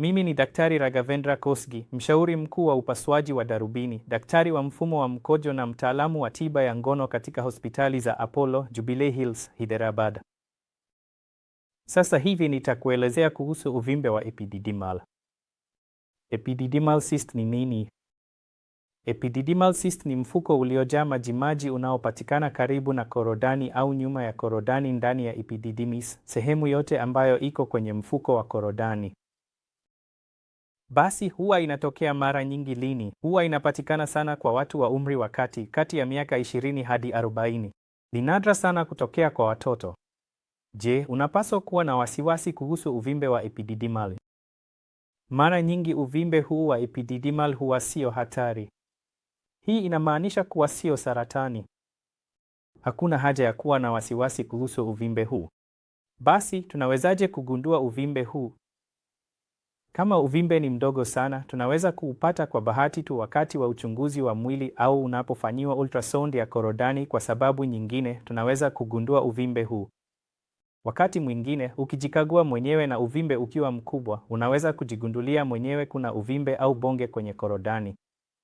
Mimi ni Daktari ragavendra Kosgi, mshauri mkuu wa upasuaji wa darubini, daktari wa mfumo wa mkojo na mtaalamu wa tiba ya ngono katika hospitali za Apollo, Jubilee Hills, Hyderabad. Sasa hivi nitakuelezea kuhusu uvimbe wa epididymal. Epididymal cyst ni nini? Epididymal cyst ni mfuko uliojaa majimaji unaopatikana karibu na korodani au nyuma ya korodani ndani ya epididymis, sehemu yote ambayo iko kwenye mfuko wa korodani. Basi huwa inatokea mara nyingi lini? Huwa inapatikana sana kwa watu wa umri wa kati, kati ya miaka 20 hadi 40. Ni nadra sana kutokea kwa watoto. Je, unapaswa kuwa na wasiwasi kuhusu uvimbe wa epididimal Mara nyingi uvimbe huu wa epididimal huwa sio hatari. Hii inamaanisha kuwa sio saratani. Hakuna haja ya kuwa na wasiwasi kuhusu uvimbe huu. Basi tunawezaje kugundua uvimbe huu? Kama uvimbe ni mdogo sana, tunaweza kuupata kwa bahati tu wakati wa uchunguzi wa mwili au unapofanyiwa ultrasound ya korodani. Kwa sababu nyingine, tunaweza kugundua uvimbe huu. Wakati mwingine, ukijikagua mwenyewe na uvimbe ukiwa mkubwa, unaweza kujigundulia mwenyewe kuna uvimbe au bonge kwenye korodani.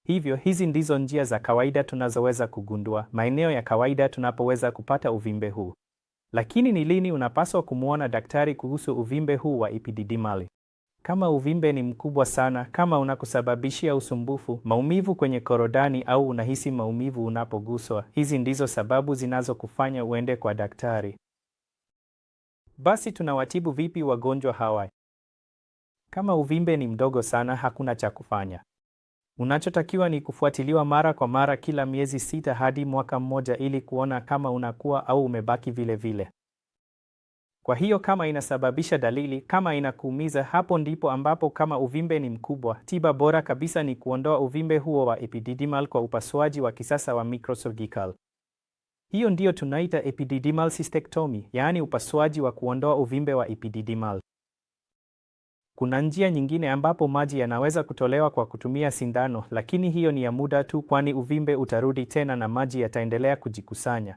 Hivyo, hizi ndizo njia za kawaida tunazoweza kugundua maeneo ya kawaida tunapoweza kupata uvimbe huu. Lakini ni lini unapaswa kumwona daktari kuhusu uvimbe huu wa epididimali? Kama uvimbe ni mkubwa sana, kama unakusababishia usumbufu, maumivu kwenye korodani au unahisi maumivu unapoguswa, hizi ndizo sababu zinazokufanya uende kwa daktari. Basi tunawatibu vipi wagonjwa hawa? Kama uvimbe ni mdogo sana, hakuna cha kufanya. Unachotakiwa ni kufuatiliwa mara kwa mara kila miezi sita hadi mwaka mmoja ili kuona kama unakuwa au umebaki vile vile. Kwa hiyo kama inasababisha dalili, kama inakuumiza, hapo ndipo ambapo kama uvimbe ni mkubwa, tiba bora kabisa ni kuondoa uvimbe huo wa epididymal kwa upasuaji wa kisasa wa microsurgical. Hiyo ndiyo tunaita epididymal cystectomy, yaani upasuaji wa kuondoa uvimbe wa epididymal. Kuna njia nyingine ambapo maji yanaweza kutolewa kwa kutumia sindano, lakini hiyo ni ya muda tu, kwani uvimbe utarudi tena na maji yataendelea kujikusanya.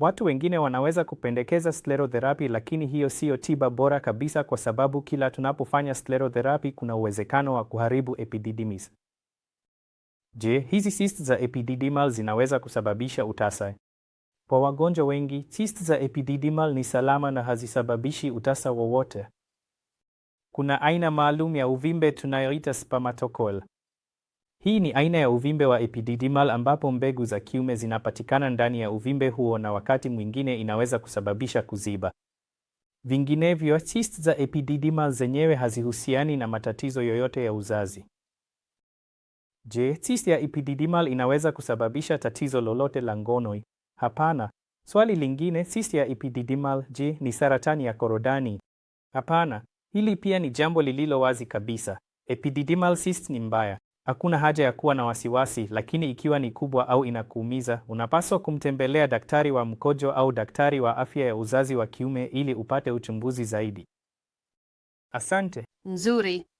Watu wengine wanaweza kupendekeza sclerotherapy, lakini hiyo siyo tiba bora kabisa, kwa sababu kila tunapofanya sclerotherapy kuna uwezekano wa kuharibu epididymis. Je, hizi cysts za epididymal zinaweza kusababisha utasa? Kwa wagonjwa wengi, cysts za epididymal ni salama na hazisababishi utasa wowote. Kuna aina maalum ya uvimbe tunayoita spermatocele hii ni aina ya uvimbe wa epididymal ambapo mbegu za kiume zinapatikana ndani ya uvimbe huo na wakati mwingine inaweza kusababisha kuziba. Vinginevyo, cyst za epididymal zenyewe hazihusiani na matatizo yoyote ya uzazi. Je, cyst ya epididymal inaweza kusababisha tatizo lolote la ngono? Hapana. Swali lingine, cyst ya epididymal, je, ni saratani ya korodani? Hapana. Hili pia ni jambo lililo wazi kabisa. Epididymal cyst ni mbaya. Hakuna haja ya kuwa na wasiwasi, lakini ikiwa ni kubwa au inakuumiza, unapaswa kumtembelea daktari wa mkojo au daktari wa afya ya uzazi wa kiume ili upate uchunguzi zaidi. Asante. Nzuri.